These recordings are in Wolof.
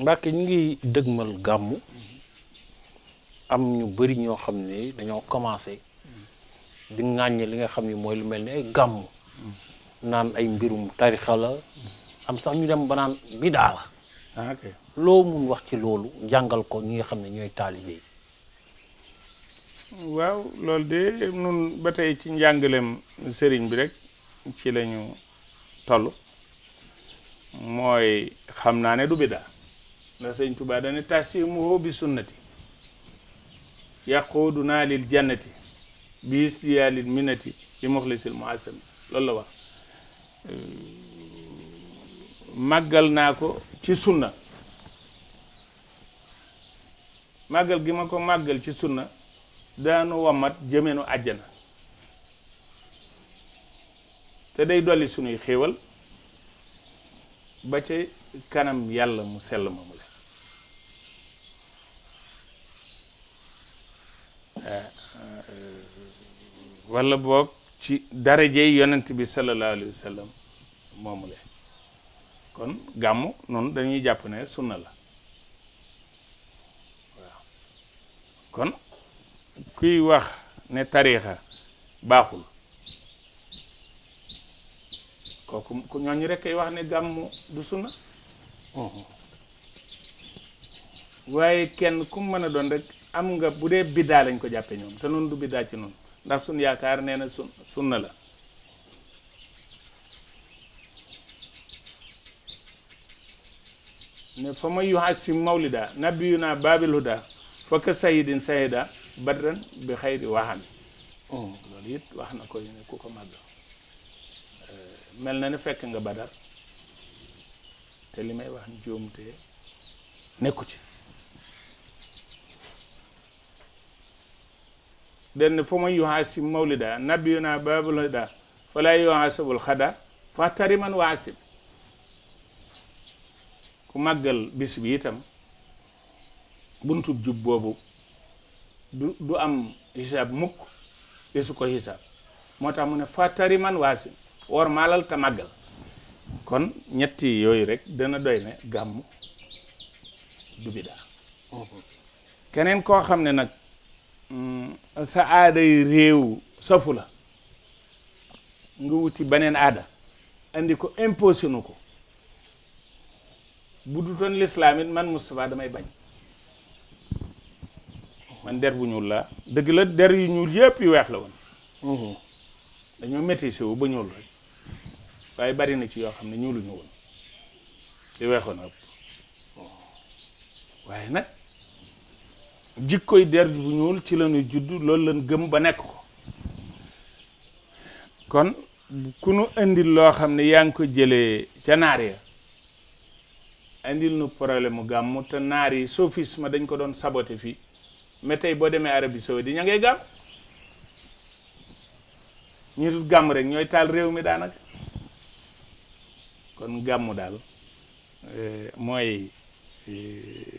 Mbacke ñi ngi gamu am ñu bari ño xamné dañu commencé di ngagne li nga xam moy lu melni ay naan ay mbirum tarixa la am sax ñu dem banan bi bidaa ak ah, lo mu wax ci lolu jangal ko ñi nga xamné ñoy talibé waaw nun batay ci njàngalem sëriñ bi rek ci lañu tollu mooy xam naa ne du biddaa ndax sëñ Tuubaa dane tasimuhu bi sunnati yaquudunaa lil jannati bi istiyaalil minnati li muxlisil muasami loolu la wax màggal naa ko ci sunna màggal gi ma ko màggal ci sunna daanu wamat jëmeenu àjjana te day dolli sunuy xéewal ba ca kanam yàlla mu sell ma mu la eh, eh, wala boog ci darajey yonent bi sallallahu alayhi wa moomu la kon gàmmu noonu dañuy jàpp ne sunna la waaw kon kuy wax ne tariixa baaxul kooku ku ñooñu rek ay wax ne gàmmu du sunna mhm. waaye kenn ku mën a doon rek am nga bu dee biddaa lañ ko jàppe ñoom te noonu du biddaa ci noonu ndax sun yaakaar nee na sun sunna la ne fa ma yuhassim mawlida nabiyuna babil huda fakka sayidin sayida badran bi xayri waxami mhm. loolu it wax na ko ne ku ko màgg mel na ni fekk nga badar te li may wax njuumte nekku ci denn fa man yuhaasib mawlida nabiyuna babul hida fala yuhaasibul xada fa tariman waasib ku màggal bis bi itam buntub jub boobu du am xisaab mukk di su ko xisaab moo tax mu ne fa tariman waasib or maalal te màggal kon ñetti yooyu rek dana doy ne gàmm du bidaa keneen koo xam ne nag mm, sa aaday réew safu la nga wuti beneen aada indi ko imposé nu ko bu dutoon lislaam it man Moustapha damay bañ man der bu ñuul la dëgg la der yu ñuul yëpp yu weex la woon mm-hmm. dañoo métissé wu ba ñuul rek waaye bari na ci yoo xam ne ñuulu ñu woon li weexoon ëpp waaye nag jikkoy der bu ñuul ci lañu judd loolu lañ gëm ba nekk ko kon ku nu indil loo xam ne yaa ngi ko jëlee ca naar ya indil nu problème mu gàmm te naar yi sophisme dañ ko doon saboté fii mais tey boo demee Arabie Saoudi ña ngay gàmm ñu dul gàmm rek ñooy taal réew mi daanaka kon gàmmu daal e, mooy e,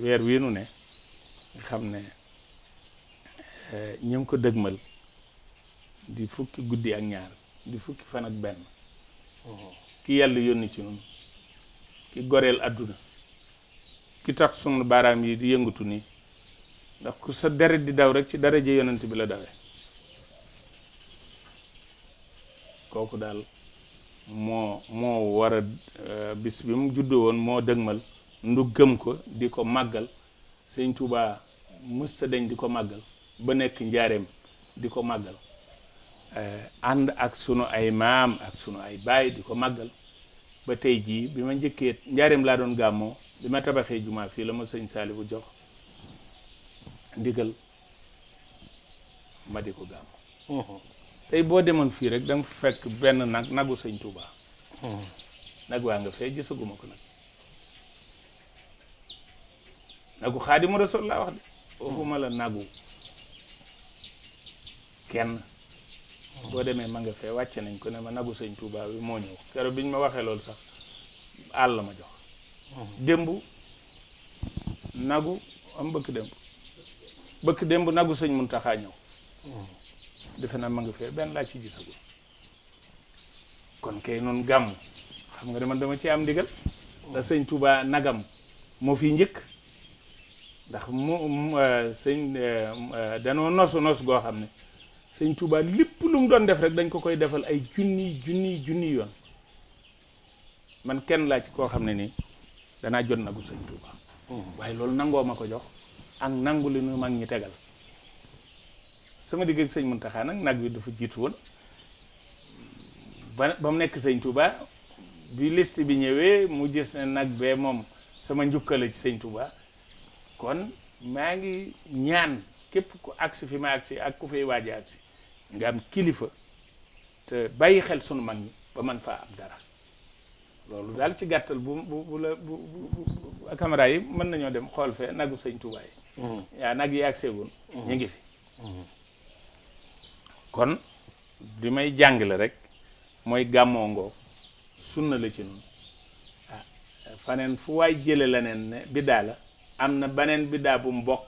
weer wii nu ne nga xam ne e, ñu ngi ko dëgmal di fukki guddi ak ñaar di fukki fan ak benn ki yàlla yónni ci ñun ki goreel àdduna ki tax sunu baaraam yi di yëngatu ni ndax ku sa deret di daw rek ci daraje yonent bi la dawee kooku daal moo moo war a euh, bis bi mu juddoo woon moo dëgmal ndu gëm ko di ko màggal sëñ Tuubaa mësta dañ di ko màggal ba nekk njaareem di ko màggal euh, ànd ak sunu ay maam ak sunu ay baay di ko màggal ba tey jii bi ma njëkkee njaareem laa doon gàmmoo bi ma tabaxee jumaa fii la ma sëñ Saaliwu jox ndigal ma di ko gàmmoo tey boo demoon fii rek danga nga fekk benn nag nagu sëñ Touba. nag waa nga fee gisaguma ko nag. nagu xaadimu rasul laa wax de. waxuma la nagu kenn. boo demee ma nga fee wàcce nañ ko ne ma nagu sëñ Touba bi moo ñëw keroog biñ ma waxee loolu sax àll ma jox. démb nagu am bëkk démb. bëkk démb nagu sëñ Muntaxa ñëw. defe na ma nga fee benn laa ci gisagul kon kay noonu gàmm xam nga dama dama ci am ndigal ndax sëñ Touba nagam moo fi njëkk ndax mu euh, sëñ euh, euh, danoo nosu nos goo xam ne sëñ Touba lépp lu doon def rek dañ ko koy defal ay junni junni junni yoon man kenn laa ci koo xam ne nii danaa jot nagu sëñ Touba mm. waaye loolu nangoo ma ko jox ak nangu li nu mag ñi tegal sama digg ak sëñ Muntaxa nag nag bi dafa jiitu woon ba ba mu nekk sëñ Touba bi liste bi ñëwee mu gis ne nag bee moom sama njukkala ci sëñ Touba kon maa ngi ñaan képp ku agsi fi ma agsi ak ku fay waaj a agsi nga am kilifa te bàyyi xel sunu mag ñi ba man faa am dara loolu daal ci gàttal bu bu bu la bu bu caméra yi mën nañoo dem xool fee nagu sëñ Touba yi. Mm-hmm. yaa nag yi agseegun ñu ngi fi. Mm-hmm. kon li may jàngale rek mooy gàmmoo ngoo sunna la ci nun ah, faneen fu waay jële leneen ne biddaa la am na beneen biddaa bu mu bokk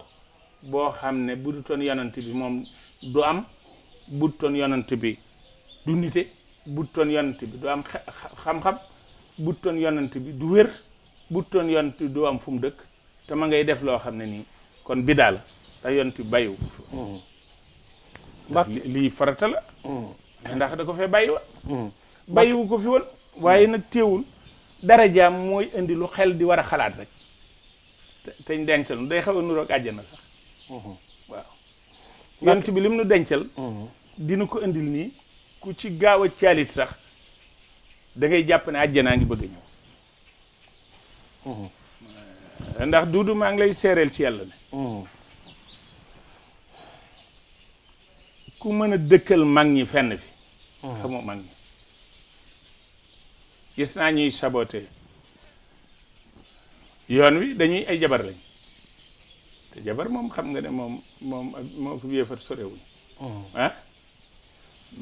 boo xam ne bu toon yonant bi moom du am bu bi du nite bu du bi du am xam-xam bu du toon yonant bi du wér bu toon yonant bi du am fu mu dëkk te ma ngay def loo xam ne nii kon biddaa la te yonant bi bàyyiwu ndax lii farata la mm. ndax da ko fee bàyyi mm. bàyyiwu ko fi woon waaye nag téewul darajaam mooy indi lu xel di war a xalaat rek teñ dencal nu day àjjana sax mm-hmm. waaw yonent bi lim nu dencal mm-hmm. dina ko indil nii ku ci gaaw a caalit sax da ngay jàpp ne àjjanaa ngi bëgg a ñëw mm-hmm. ndax duudu maa ngi lay seereel ci yàlla ne ku meuna dekkal dëkkal mag ñi fenn fi ah. xamoo mag ñi gis naa ñuy saboté yoon wi dañuy ay jabar lañ te jabar moom xam nga ne moom moom moo ko yéefar sorewuñ ah. ah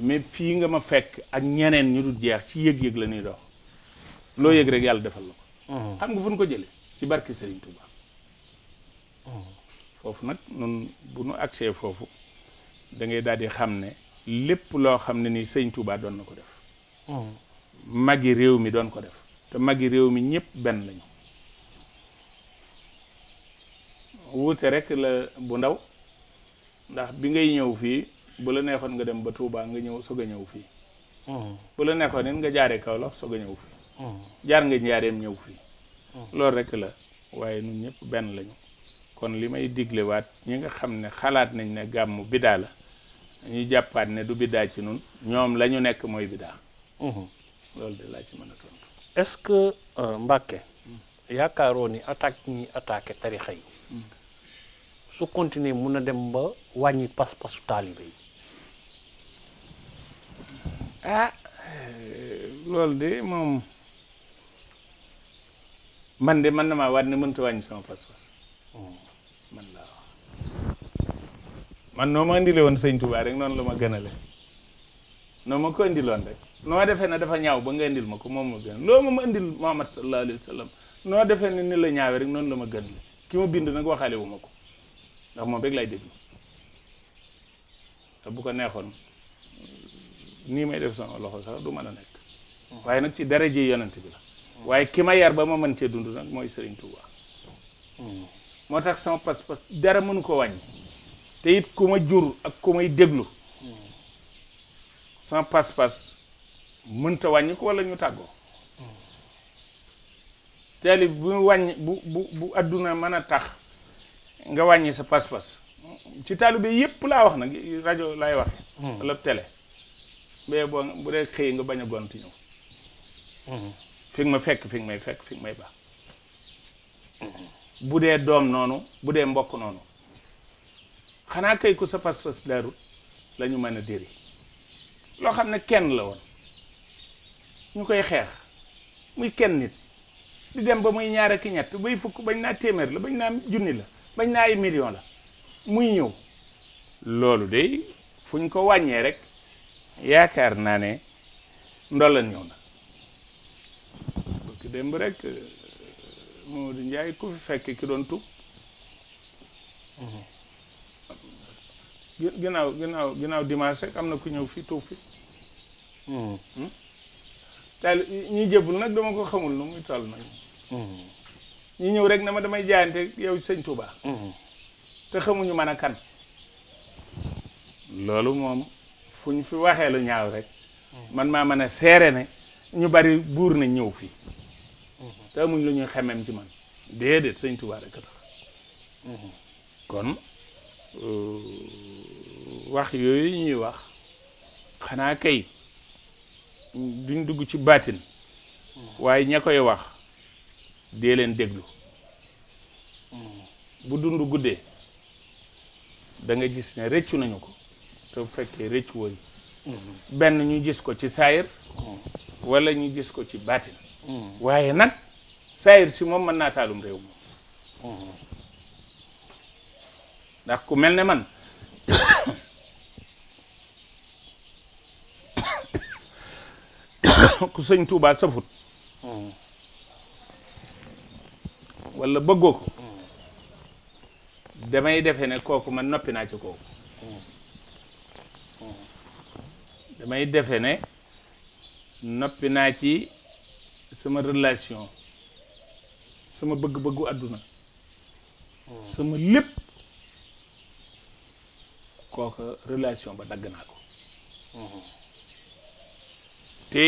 mais fii nga ma fekk ak ñeneen ñu dul jeex ci yëg-yëg la ñuy dox loo yëg rek yàlla defal la ko ah. xam nga fu ñu ko jële ci barke Serigne Touba foofu nag nun bu nu accès foofu da ngay daal di xam ne lépp loo xam ne ni sëñ Touba doon na ko def. Hmm. magi réew mi doon ko def te magi réew mi ñëpp benn lañu. wuute rek la bu ndaw ndax bi ngay ñëw fii bu la neexoon nga dem ba Touba nga ñëw soog a ñëw fii. Hmm. bu la nekkoon nit nga jaaree Kaolack soog a ñëw fii. Hmm. jaar nga njaareem ñëw fii. loolu rek la waaye ñun ñëpp benn lañu kon li may diglewaat ñi nga xam ne xalaat nañ ne gàmmu bidaa la. ñu jàppaat ne du biddaa ci nun ñoom la ñu nekk mooy biddaa mhm. loolu de laa ci mën a tontu est-ce que euh, Mbàkke yaakaaroo ni attaque ñi attaqué tarixa yi mhm. su continuer mun a dem ba wàññi pas-pasu taalibe ah, loolu de moom man de man na maa waat ne mënta wàññi sama pas-pas mhm. man noo ma indile woon sëñ rek noonu la ma gënale noo ma ko indiloon rek noo defee ne dafa ñaaw ba nga ma ko moom ma gën loo ma ma indil Muhammad sallallahu alayhi wa sallam noo defee ne la ñaawee rek noonu la ma gënale ki ma bind nag waxaale wu ma ko ndax moom rek lay déglu te bu ko neexoon nii may def sama loxo sax du mën a nekk waaye nag ci dara ji yonent bi la waaye ki ma yar ba ma mën cee dund nag mooy sëriñ Touba hmm. moo tax sama pas-pas dara mënu ko wàññi te it ku ma jur ak ku may déglu sa pas-pas mënta wàññi ko wala ñu tàggoo taalib bu wàññi bu bu bu àdduna mën a tax nga wàññi sa pas-pas ci taalibe yépp laa wax nag rajo laay waxe wala télé bee bu dee xëy nga bañ a gont ñëw fi ma fekk fi may fekk fi nga may baax bu dee doom noonu bu dee mbokk noonu xana kay ku sa pass pass daarut la mëna diri lo xamne ne kenn la won ñu xex muy kenn nit di dem ba muy ñaar ak ñett bay fukk bañ na témer la bañ na jooni la bañ na ay million la muy ñew lolu de fuñ ko wañé rek na né ne lañ ñew na bëgg dem rek di ñay ku fi fekk ki doon tu ginnaw ginnaaw ginnaaw dimanche rek am na ku ñëw fii tuub fi hmm. hmm? daal ñuy jébbul nag dama ko xamul nu muy toll nag hmm. ñu ñëw rek ne ma damay jaayante yow sëñ Touba. te xamuñu man a kan loolu moom fu ñu fi waxee lu ñaaw rek man maa mën a seere ne ñu bari buur na ñëw fii te amuñ lu ñuy xemem ci man déedéet sëñ Touba rek a tax kon euh, wax yooyu ñuy wax xanaa kay duñ dugg ci baatin waaye ña koy wax dee leen déglu bu dund guddee danga gis ne rëccu nañu ko te bu fekkee rëccu woon benn ñu gis ko ci saayir wala ñu gis ko ci baatin waaye nag saayir si moom mën naa taalum réew moom ndax ku mel ne man ku sëñ Touba safut wala bëggoo ko damay defe ne kooku ma noppi naa ci kooku damay defe ne noppi naa ci sama relation sama bëgg-bëggu àdduna sama lépp kooko relation ba dagg naa ko te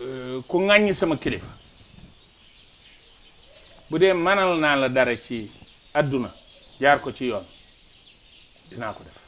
euh, ku ŋàññi sama kilifa bu dee manal naa la dara ci àdduna jaar ko ci yoon dinaa ko def